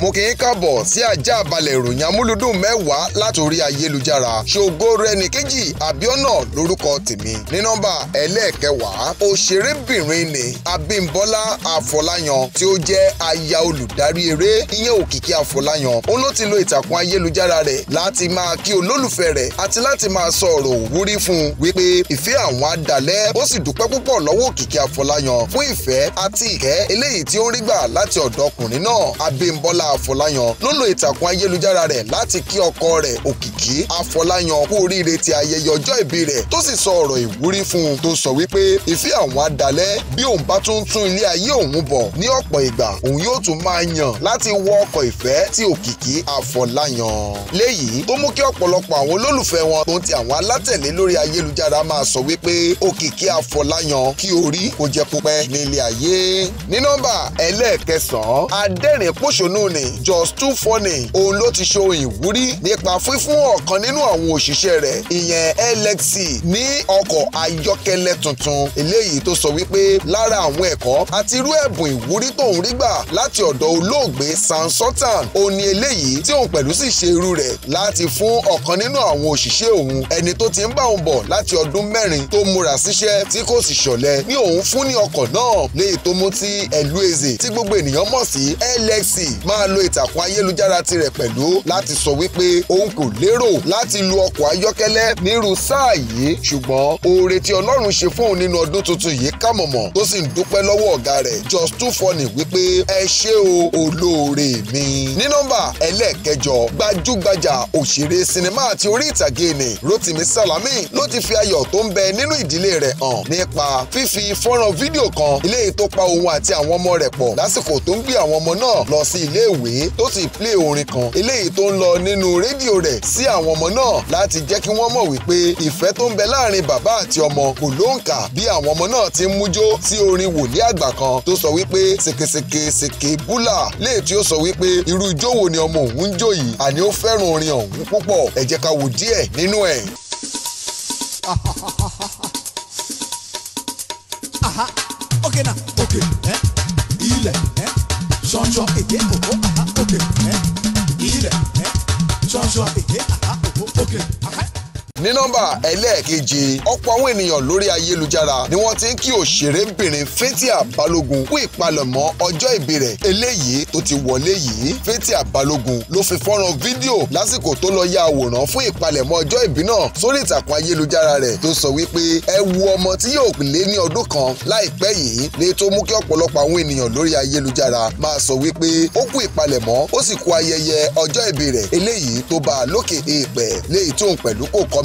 mo kì í káàbọ̀ sí ajá balẹ̀ ìròyìn amúlùdùn mẹ́wàá látòrí ayélujára ṣògo rẹni kejì abiona lórúkọ tèmi ní nọ́mbà ẹlẹ́ẹ̀kẹwàá òṣèrébìnrin ni abimbola afọláyan tí ó jẹ́ aya olùdarí eré ìyẹn òkìkí afọláyan òun ló ti lo ìtàkùn ayélujára rẹ̀ láti máa kí olólùfẹ́ rẹ̀ àti láti máa sọ ọ̀rọ̀ òwúrí fún un wípé ìfẹ́ àwọn adalẹ́ ó sì dúpẹ́ púpọ̀ lọ́wọ́ òkìkí afọláyan fún ìfẹ́ àti ìkẹ́ eléyìí tí ó ń rí gbà láti ọ̀dọ̀ ọkùnrin náà abímbọ́lá Afọláyan ló lo ìtàkùn ayélujára rẹ̀ láti kí ọkọ rẹ̀ Òkìkí Afọláyan kú oríire ti ayẹyẹ ọjọ́ ìbí rẹ̀ tó sì sọ ọ̀rọ̀ ìwúrí fún un tó sọ wípé ìfẹ́ àwọn adalẹ́ bí òun bá tún tún ilé ayé òun bọ̀ ní ọ̀pọ̀ ìgbà òun yóò tún máa yàn láti wọ ọkọ̀ ìfẹ́ tí Òkìkí Afọláyan léyìí tó mú kí ọ̀pọ̀lọpọ̀ àwọn olólùfẹ́ wọn tó ń ti àwọn alátẹ̀lé lórí ayélujára máa sọ wípé Òkìkí Afọláyan kí orí kò jẹ́ pípẹ́ nílé ayé ní nọ́mbà ẹlẹ́ẹ̀kẹsàn-án adẹ́rìn ni Just Too Funny òun ló ti ṣe ohun ìwúrí nípa fífún ọ̀kan nínú àwọn òṣìṣẹ́ rẹ̀ ìyẹn LXC ní ọkọ̀ ayọ́kẹ́lẹ́ tuntun eléyìí tó sọ wípé lára àwọn ẹ̀kọ́ àti irú ẹ̀bùn ìwúrí tóun rí gbà láti ọ̀dọ̀ olóògbé Sam Sultan òun ni eléyìí tí òun pẹ̀lú sì ṣe irú rẹ̀ láti fún ọ̀kan nínú àwọn òṣìṣẹ́ òun ẹni tó ti ń bá òun bọ̀ láti ọdún mẹ́rin tó múra síṣẹ́ tí kò sì ṣọ̀lẹ ní òun fún ní ọkọ̀ náà léyìí tó mú tí ẹ̀lú èzè tí gbogbo ènìyàn mọ̀ sí LXC máa lo ìtàkùn ayélujára tirẹ̀ pẹ̀lú láti sọ wípé òun kò lérò láti lu ọkọ̀ ayọ́kẹ́lẹ́ nírú sáà yìí ṣùgbọ́n oore tí ọlọ́run ṣe fún òun nínú ọdún tuntun yìí kà mọ̀mọ̀ tó sì ń dúpẹ́ lọ́wọ́ ọ̀gá rẹ̀ just too funny wípé ẹ ṣé o olóore mi. ní nọ́mbà ẹlẹ́ẹ̀kẹjọ gbajúgbajà òṣèré sinimá àti orí ìtàgé ni Rotimi Salami ló ti fi ayọ̀ tó ń bẹ nínú ìdílé rẹ̀ hàn nípa fífi fọ́nrán fídíò kan ilé èyí tó pa òun àti àwọn ọmọ rẹ̀ pọ̀ lásìkò tó ń gbé àwọn ọmọ náà lọ sí ilé iléèwé tó sì plé orin kan eléyìí tó ń lọ nínú rédíò rẹ̀ sí àwọn ọmọ náà láti jẹ́ kí wọ́n mọ̀ wípé ìfẹ́ tó ń bẹ láàrin bàbá àti ọmọ kò lóǹkà bí àwọn ọmọ náà ti ń mújó sí orin wòlíì àgbà kan tó sọ wípé ṣèkèṣèkè ṣèkè búlà léè tí ó sọ wípé irú ijó wo ni ọmọ òun ń jó yìí àní ó fẹ́ràn orin ọ̀hún púpọ̀ ẹ jẹ́ ká wò díẹ̀ nínú ẹ̀. okay na okay ilẹ̀. Eh? ṣọ́ṣọ́ èdè òkó àbá òkè ilẹ̀ ṣọ́ṣọ́ èdè àbá òkó òkè ní nọ́mbà ẹlẹ́ẹ̀keje ọ̀pọ̀ àwọn ènìyàn lórí ayélujára ni wọ́n ti ń kí òṣèrébìnrin Fathia Balogun kú ìpalẹ̀mọ́ ọjọ́ ìbí rẹ̀ eléyìí tó ti wọlé yìí Fathia Balogun ló fi fọ́nrán fídíò lásìkò tó lọ ya àwòrán fún ìpalẹ̀mọ́ ọjọ́ ìbí náà sórí ìtàkùn ayélujára rẹ̀ tó sọ wípé ẹ wo ọmọ tí yóò lé ní ọdún kan láìpẹ́ yìí lè tó mú kí ọ̀pọ̀lọpọ̀ àwọn ènìyàn lórí ayélujára máa sọ wípé ó kú ìpalẹ̀mọ́ ó sì kú ayẹyẹ ọjọ́ ìbí rẹ̀ eléyìí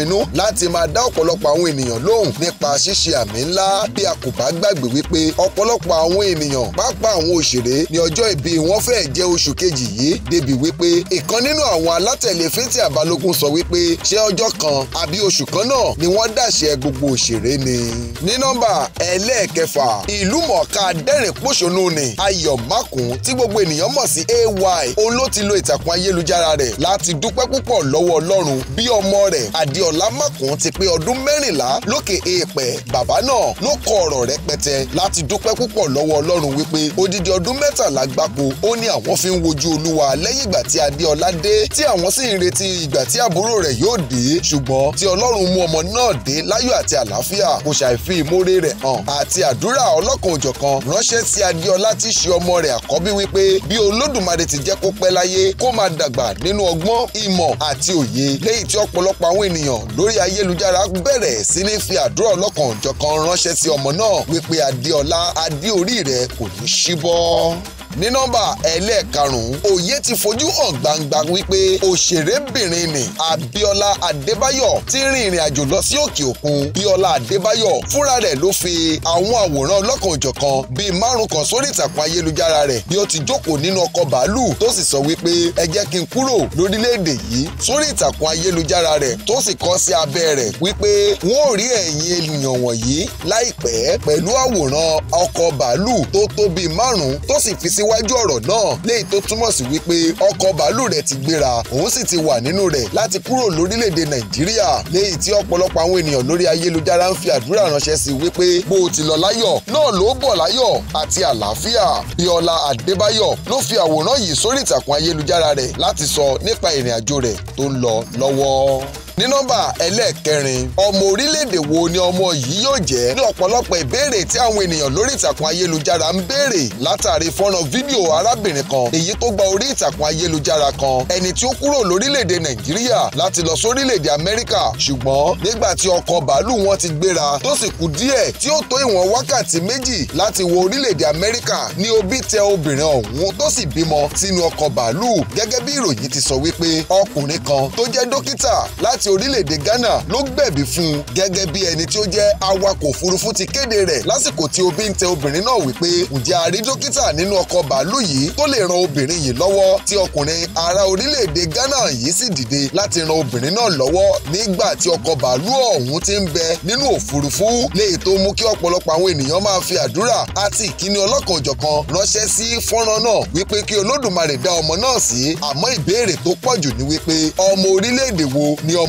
láminú láti máa dá ọ̀pọ̀lọpọ̀ àwọn ènìyàn lóhùn nípa ṣíṣe àmì ńlá bí a kò bá gbàgbé wípé ọ̀pọ̀lọpọ̀ àwọn ènìyàn pàápàá àwọn òṣèré ní ọjọ́ ìbí wọn fẹ́ẹ̀ jẹ́ oṣù kejì yìí débi wípé ìkan nínú àwọn alátẹ̀lé fẹ́tì àbálòkun sọ wípé ṣé ọjọ́ kan àbí oṣù kan náà ni wọ́n dàṣẹ gbogbo òṣèré ni. ní nọ́mbà ẹlẹ́ẹ̀kẹfà ìlú mọ̀ọ́ká dẹ́rìn pòṣónú ni ayọ̀ mákùn tí gbogbo ènìyàn mọ̀ sí ay òun lo ìtàkùn ayélujára rẹ̀ ọlámàkùn ti pé ọdún mẹ́rìnlá lókè èèpẹ̀ bàbá náà ló kọ ọ̀rọ̀ rẹpẹtẹ láti dúpẹ́ púpọ̀ lọ́wọ́ ọlọ́run wípé odidi ọdún mẹ́tàlá gbáko ó ní àwọn fi ń wojú olúwa lẹ́yìn ìgbà tí adéọlá dé tí àwọn sì ń retí ìgbà tí àbúrò rẹ̀ yóò dé ṣùgbọ́n tí ọlọ́run mú ọmọ náà dé láyọ̀ àti àlàáfíà kò ṣàìfi ìmórè rẹ̀ hàn àti àdúrà ọlọ́kan òjọ̀kan ránṣẹ́ sí adéọlá tí í ṣe ọmọ rẹ̀ àkọ́bí wípé bí olódùmarè ti jẹ́ kó pẹ́ láyé kó máa dàgbà nínú ọgbọ́n ìmọ̀ àti òye léyìí tí ọ̀pọ̀lọpọ̀ àwọn ènìyàn ènìyàn lórí ayélujára bẹ̀rẹ̀ sí ní fi àdúrà ọlọ́kan òjọ̀kan ránṣẹ́ sí ọmọ náà wípé adéọlá adé rẹ kò ní í ṣíbọ́ ní nọ́mbà ẹlẹ́ẹ̀karùn-ún òye ti fojú hàn gbangba wípé òṣèrébìnrin ni Abíọ́lá Adébáyọ̀ ti rin ìrìn àjò lọ sí òkè òkun Bíọ́lá Adébáyọ̀ fúnra rẹ̀ ló fi àwọn àwòrán ọlọ́kan òjọ̀kan bíi márùn kan sórí ìtàkùn ayélujára rẹ̀ bí ó ti jókòó nínú ọkọ̀ bàálù tó sì sọ wípé ẹ jẹ́ kí n kúrò lórílẹ̀‐èdè yìí sórí ìtàkùn ayélujára rẹ̀ tó sì kọ sí abẹ́ rẹ̀ wípé wọ́n ò rí ẹ̀yìn ènìyàn wọ̀nyí láìpẹ́ pẹ̀lú àwòrán ọkọ̀ bàálù tó tó márùn tó sì fi sí ìtẹ̀síwájú ọ̀rọ̀ náà léyìí tó túmọ̀ sí wípé ọkọ̀ bàálù rẹ̀ ti gbéra òun sì ti wà nínú rẹ̀ láti kúrò lórílẹ̀‐èdè nàìjíríà léyìí tí ọ̀pọ̀lọpọ̀ àwọn ènìyàn lórí ayélujára ń fi àdúrà ránṣẹ́ sí wípé bó o ti lọ láyọ̀ náà ló bọ̀ láyọ̀ àti àlàáfíà bíọ́lá adébáyọ̀ ló fi àwòrán yìí sórí ìtàkùn ayélujára rẹ̀ láti sọ nípa ìrìn àjò rẹ̀ tó ń lọ lọ́wọ́ ní nọ́mbà ẹlẹ́ẹ̀kẹrin ọmọ orílẹ̀-èdè wo ni ọmọ yìí yóò jẹ́ ní ọ̀pọ̀lọpọ̀ ìbéèrè tí àwọn ènìyàn lórí ìtàkùn ayélujára ń béèrè látàrí fọ́nrán fídíò arábìnrin kan èyí tó gba orí ìtàkùn ayélujára kan ẹni tí ó kúrò lórílẹ̀-èdè nàìjíríà láti lọ sórílẹ̀-èdè amẹ́ríkà ṣùgbọ́n nígbà tí ọkọ̀ bàálù wọn ti gbéra tó sì kù díẹ̀ tí ó tó ìwọ̀n wákàtí méjì láti wọ orílẹ̀-èdè amẹ́ríkà ni obi tẹ obìnrin ọ̀hún tó sì bímọ sínú ọkọ̀ bàálù gẹ́gẹ́ bí ìròyìn ti sọ wípé ọkùnrin kan tó jẹ́ dókítà láti orílẹ̀-èdè Ghana ló gbẹ̀bí fún un gẹ́gẹ́ bí ẹni tí ó jẹ́ awakọ̀ òfurufú ti kéde rẹ̀ lásìkò tí obi ń tẹ obìnrin náà wípé ǹjẹ́ a rí dókítà nínú ọkọ̀ bàálù yìí tó lè ran obìnrin yìí lọ́wọ́ tí ọkùnrin ará orílẹ̀-èdè Ghana yìí sì dìde láti ran obìnrin náà lọ́wọ́ nígbà tí ọkọ̀ bàálù ọ̀hún ti ń bẹ nínú òfurufú lè tó mú kí ọ̀pọ̀lọpọ̀ àwọn ènìyàn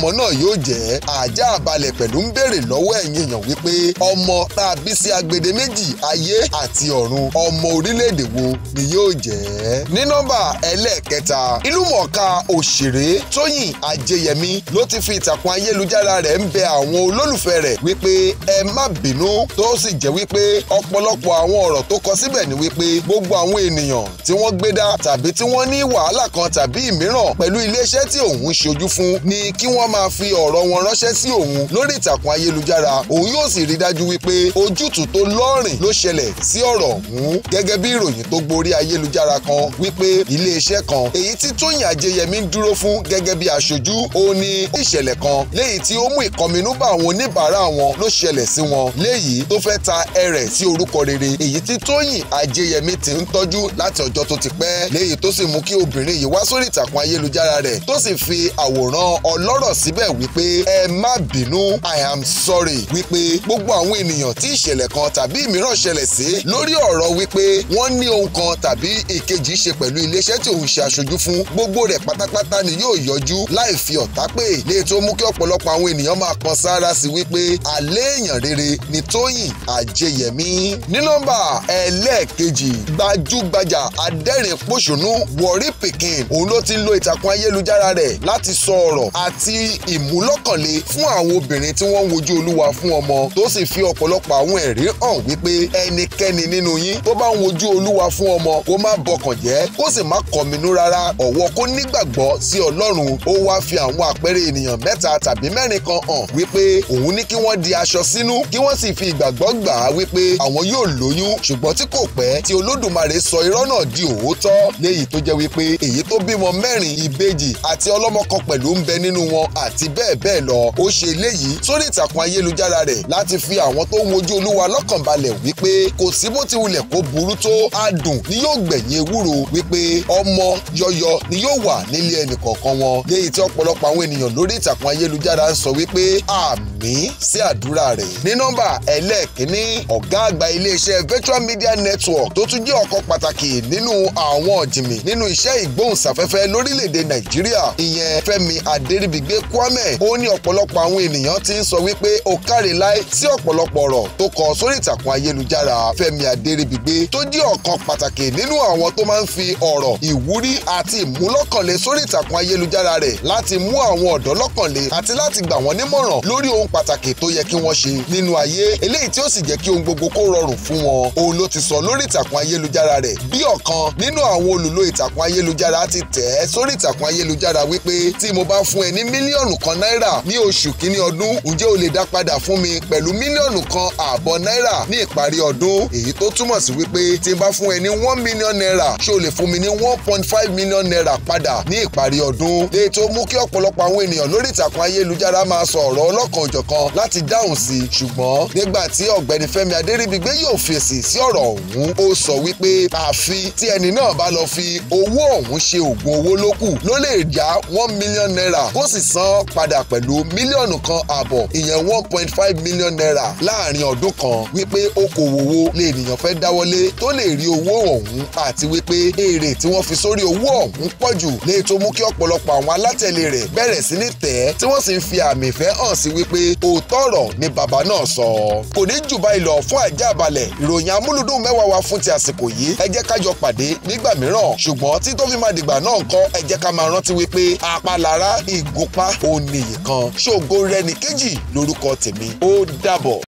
ọmọ náà yóò jẹ́ àjà àbalẹ̀ pẹ̀lú ń béèrè lọ́wọ́ ẹ̀yin èèyàn wípé ọmọ tá a bí sí agbede méjì ayé àti ọ̀run ọmọ orílẹ̀-èdè wo ni yóò jẹ́. ní nọ́mbà ẹlẹ́ẹ̀kẹta ìlúmọ̀ọ́ká òṣèré tóyìn ajẹyẹmí ló ti fi ìtàkùn ayélujára rẹ̀ ń bẹ àwọn olólùfẹ́ rẹ̀ wípé ẹ má bínú tó sì jẹ́ wípé ọ̀pọ̀lọpọ̀ àwọn ọ̀rọ̀ tó kọ síbẹ̀ ni wípé gbogbo àwọn ènìyàn tí wọ́n gbé dá tàbí tí wọ́n ní wàhálà kan tàbí ìmíràn pẹ̀lú iléeṣẹ́ tí òun ṣojú fún ni kí wọ́n máa fi ọ̀rọ̀ wọn ránṣẹ́ sí òun lórí ìtàkùn ayélujára òun yóò sì rí dájú wípé ojútùú tó lọ́rìn ló ṣẹlẹ̀ sí ọ̀rọ̀ ọ̀hún gẹ́gẹ́ bí ìròyìn tó gborí ayélujára kan wípé iléeṣẹ́ kan èyí tí Tóyìn Àjẹyẹmí ń dúró fún gẹ́gẹ́ bí aṣojú ó ní ìṣẹ̀lẹ̀ kan léyìí tí ó mú ìkọminú bá àwọn oníbàárà wọn ló ṣẹlẹ̀ sí wọn léyìí tó fẹ́ ta ẹrẹ̀ sí orúkọ rere èyí tí Tóyìn Àjẹyẹmí ti ń tọ́jú láti ọjọ́ tó ti pẹ́ léyìí tó sì mú kí obìnrin síbẹ̀ wípé ẹ má bínú i am sorry wípé gbogbo àwọn ènìyàn tí ìṣẹ̀lẹ̀ kan tàbí ìmíràn ṣẹlẹ̀ sí lórí ọ̀rọ̀ wípé wọ́n ní ohun kan tàbí ìkejì ṣe pẹ̀lú iléeṣẹ́ tí òun ṣe aṣojú fún gbogbo rẹ̀ pátápátá ni yóò yọjú láì fi ọ̀tá pè lè tó mú kí ọ̀pọ̀lọpọ̀ àwọn ènìyàn máa kan sára sí wípé alẹ́ èèyàn rere ni Tóyìn Àjẹyẹmí ní nọ́mbà ẹlẹ́ẹ̀kejì gbajúgbajà adẹ́rìn pòṣónú Warri Pikin òun ló ti ń lo ìtàkùn ayélujára rẹ̀ láti sọ ọ̀rọ̀ àti ìmúlọ́kànle fún àwọn obìnrin tí wọ́n ń wojú olúwa fún ọmọ tó sì fi ọ̀pọ̀lọpọ̀ àwọn ẹ̀rí hàn wípé ẹnikẹ́ni nínú yín tó bá ń wojú olúwa fún ọmọ kó má bọkàn jẹ́ kó sì má kọminú rárá ọ̀wọ́ kó nígbàgbọ́ sí ọlọ́run ó wá fi àwọn àpẹẹrẹ ènìyàn mẹ́ta tàbí mẹ́rin kan hàn wípé òun ní kí wọ́n di aṣọ sínú kí wọ́n sì fi ìgbàgbọ́ gbà á wípé àwọn yóò lóyún ṣùgbọ́n tí kò pẹ́ tí olódùmarè sọ irọ́ náà di òótọ́ léyìí tó jẹ́ wípé èyí tó bímọ mẹ́rin ìbejì àti ọlọ́mọ pẹ̀lú ń bẹ nínú wọn àti bẹ́ẹ̀ bẹ́ẹ̀ lọ ó ṣe eléyìí sórí ìtàkùn ayélujára rẹ̀ láti fi àwọn tó ń wojú olúwa lọ́kàn balẹ̀ wípé kò sí bó ti wulẹ̀ kó burú tó adùn ni yóò gbẹ̀yìn ewúro wípé ọmọ yọyọ ni yóò wà nílé ẹnìkọ̀ọ̀kan wọn léyìí tí ọ̀pọ̀lọpọ̀ àwọn ènìyàn lórí ìtàkùn ayélujára ń sọ wípé àmín sí àdúrà rẹ̀ ní nọ́mbà ẹlẹ́ẹ̀kínní ọ̀gá àgbà iléeṣẹ́ virtual media network tó tún jẹ́ ọ̀kan pàtàkì nínú àwọn ọ̀jìnmí nínú iṣẹ́ ìgbóhùnsáfẹ́fẹ́ lórílẹ̀‐èdè nàìjíríà ìyẹn fẹ́mi adéríbigbé Kwame ó ní ọ̀pọ̀lọpọ̀ àwọn ènìyàn ti ń sọ wípé ó káre láì sí ọ̀pọ̀lọpọ̀ ọ̀rọ̀ tó kọ sórí ìtàkùn ayélujára Fẹ́mi Adéríbigbé tó jẹ́ ọ̀kan pàtàkì nínú àwọn tó máa ń fi ọ̀rọ̀ ìwúrí àti ìmúlọ́kànlé sórí ìtàkùn ayélujára rẹ̀ láti mú àwọn ọ̀dọ́ lọ́kànlé àti láti gbà wọ́n nímọ̀ràn lórí ohun pàtàkì tó yẹ kí wọ́n ṣe nínú ayé eléyìí tí ó sì jẹ́ kí ohun gbogbo kó rọrùn fún wọn òun ló ti sọ lórí ìtàkùn ayélujára rẹ̀ bí ọ̀kan nínú àwọn olùlò ìtàkùn ayélujára ti tẹ̀ sórí ìtàkùn ayélujára wípé tí mo bá fún ẹ ní mílíọ̀nù kan náírà ní oṣù kínní ọdún ǹjẹ́ o lè dá padà fún mi pẹ̀lú mílíọ̀nù kan ààbọ̀ náírà ní ìparí ọdún èyí tó túmọ̀ sí wípé tí n bá fún ẹ ní one million naira ṣé o lè fún mi ní one point five million naira padà ní ìparí ọdún lè tó mú kí ọ̀pọ̀lọpọ̀ àwọn ènìyàn lórí ìtàkùn ayélujára máa sọ ọ̀rọ̀ ọlọ́kan òjọ̀kan láti dáhùn sí i ṣùgbọ́n nígbà tí ọ̀gbẹ́ni Fẹ́mi Adéríbigbé yóò fèsì sí ọ̀rọ̀ ọ̀hún ó sọ wípé àfi tí ẹni náà bá lọ fi owó ọ̀hún ṣe oògùn owó lókù ló lè já one million naira kó sì san padà pẹ̀lú mílíọ̀nù kan àbọ̀ ìyẹn one point five million naira láàrin ọdún kan wípé okòwò wo lè ènìyàn fẹ́ dáwọ́lé tó lè rí owó ọ̀hún àti wípé èrè tí wọ́n fi sórí owó ọ̀hún pọ̀ jù lè tó mú kí ọ̀pọ̀lọpọ̀ àwọn alátẹ̀lé rẹ̀ bẹ̀rẹ̀ sí ní tẹ̀ ẹ́ tí wọ́n sì ń fi àmì ìfẹ́ hàn sí wípé òótọ́ ọ̀rọ̀ ni bàbá náà sọ. kò ní jù báyìí lọ fún àjàbalẹ̀ ìròyìn amúlùdùn mẹ́wàá wa fún ti àsìkò yìí ẹ jẹ́ ká jọ pàdé nígbà mìíràn ṣùgbọ́n tí fi máa dìgbà náà ń kọ́ ẹ jẹ́ ká máa rántí wípé àpalára ìgúnpá ó ní iyì kan ṣògo rẹ̀ nìkejì lórúkọ tèmi ó dàbọ̀.